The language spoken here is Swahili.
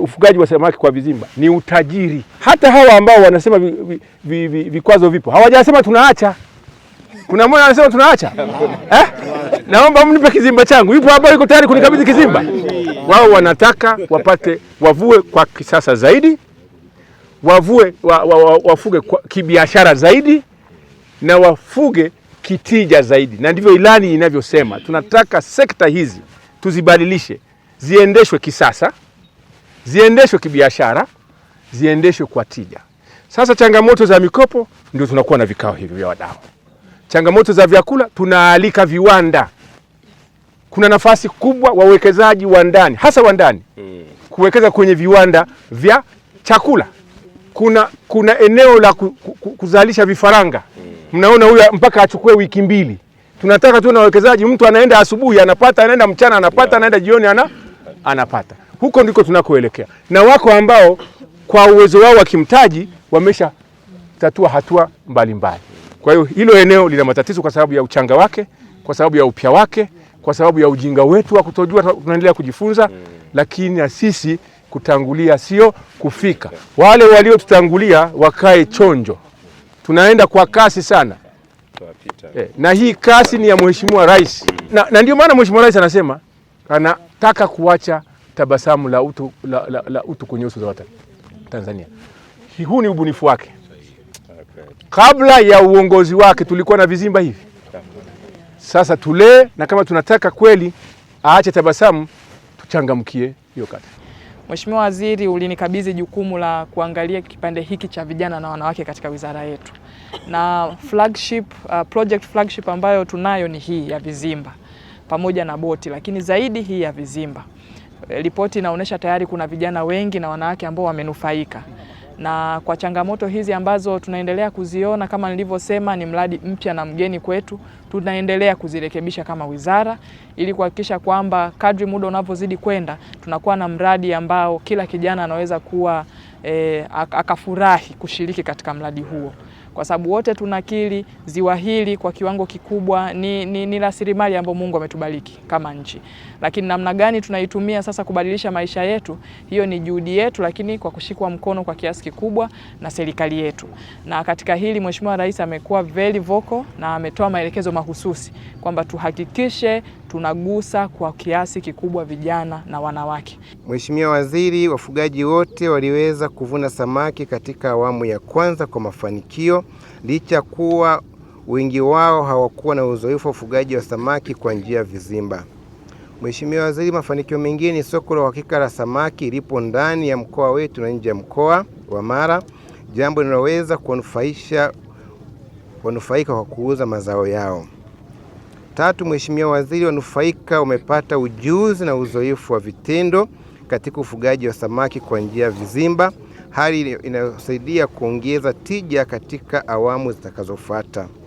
ufugaji wa samaki kwa vizimba ni utajiri. Hata hawa ambao wanasema vikwazo vi, vi, vi, vi vipo hawajasema tunaacha. Kuna mmoja anasema tunaacha eh? Naomba mnipe kizimba changu. Yupo hapa, yuko tayari kunikabidhi kizimba. Wao wanataka wapate wavue kwa kisasa zaidi, wavue wa, wa, wa, wafuge kwa kibiashara zaidi na wafuge kitija zaidi, na ndivyo ilani inavyosema. Tunataka sekta hizi tuzibadilishe ziendeshwe kisasa ziendeshwe kibiashara, ziendeshwe kwa tija. Sasa changamoto za mikopo, ndio tunakuwa na vikao hivi vya wadau. Changamoto za vyakula, tunaalika viwanda. Kuna nafasi kubwa wawekezaji wa ndani, hasa wa ndani, mm. kuwekeza kwenye viwanda vya chakula. Kuna, kuna eneo la kuzalisha vifaranga, mm. mnaona huyo mpaka achukue wiki mbili. Tunataka tu na wawekezaji, mtu anaenda asubuhi anapata, anaenda mchana anapata, anaenda jioni ana, anapata huko ndiko tunakoelekea, na wako ambao kwa uwezo wao wa kimtaji wamesha tatua hatua mbalimbali. Kwa hiyo hilo eneo lina matatizo kwa sababu ya uchanga wake, kwa sababu ya upya wake, kwa sababu ya ujinga wetu wa kutojua. Tunaendelea kujifunza, lakini na sisi kutangulia sio kufika. Wale waliotutangulia wakae chonjo, tunaenda kwa kasi sana e, na hii kasi ni ya mheshimiwa rais, na, na ndio maana mheshimiwa rais anasema anataka kuacha tabasamu la utu, la, la, la utu kwenye uso za Tanzania. Huu ni ubunifu wake. Kabla ya uongozi wake tulikuwa na vizimba hivi, sasa tulee, na kama tunataka kweli aache tabasamu, tuchangamkie hiyo kata. Mheshimiwa Waziri, ulinikabidhi jukumu la kuangalia kipande hiki cha vijana na wanawake katika wizara yetu, na flagship, uh, project flagship ambayo tunayo ni hii ya vizimba pamoja na boti, lakini zaidi hii ya vizimba Eh, ripoti inaonyesha tayari kuna vijana wengi na wanawake ambao wamenufaika na kwa changamoto hizi ambazo tunaendelea kuziona, kama nilivyosema, ni mradi mpya na mgeni kwetu. Tunaendelea kuzirekebisha kama wizara ili kuhakikisha kwamba kadri muda unavyozidi kwenda, tunakuwa na mradi ambao kila kijana anaweza kuwa e, akafurahi kushiriki katika mradi huo kwa sababu wote tunakiri ziwa hili kwa kiwango kikubwa ni, ni, ni rasilimali ambayo Mungu ametubariki kama nchi, lakini namna gani tunaitumia sasa kubadilisha maisha yetu, hiyo ni juhudi yetu, lakini kwa kushikwa mkono kwa kiasi kikubwa na serikali yetu. Na katika hili Mheshimiwa Rais amekuwa very vocal na ametoa maelekezo mahususi kwamba tuhakikishe tunagusa kwa kiasi kikubwa vijana na wanawake. Mheshimiwa Waziri, wafugaji wote waliweza kuvuna samaki katika awamu ya kwanza kwa mafanikio licha kuwa wengi wao hawakuwa na uzoefu wa ufugaji wa samaki kwa njia ya vizimba. Mheshimiwa Waziri, mafanikio mengine ni soko la uhakika la samaki lipo ndani ya mkoa wetu na nje ya mkoa wa Mara, jambo linaloweza kuwanufaisha wanufaika kwa kuuza mazao yao. Tatu, Mheshimiwa Waziri, wanufaika wamepata ujuzi na uzoefu wa vitendo katika ufugaji wa samaki kwa njia ya vizimba, hali inayosaidia kuongeza tija katika awamu zitakazofuata.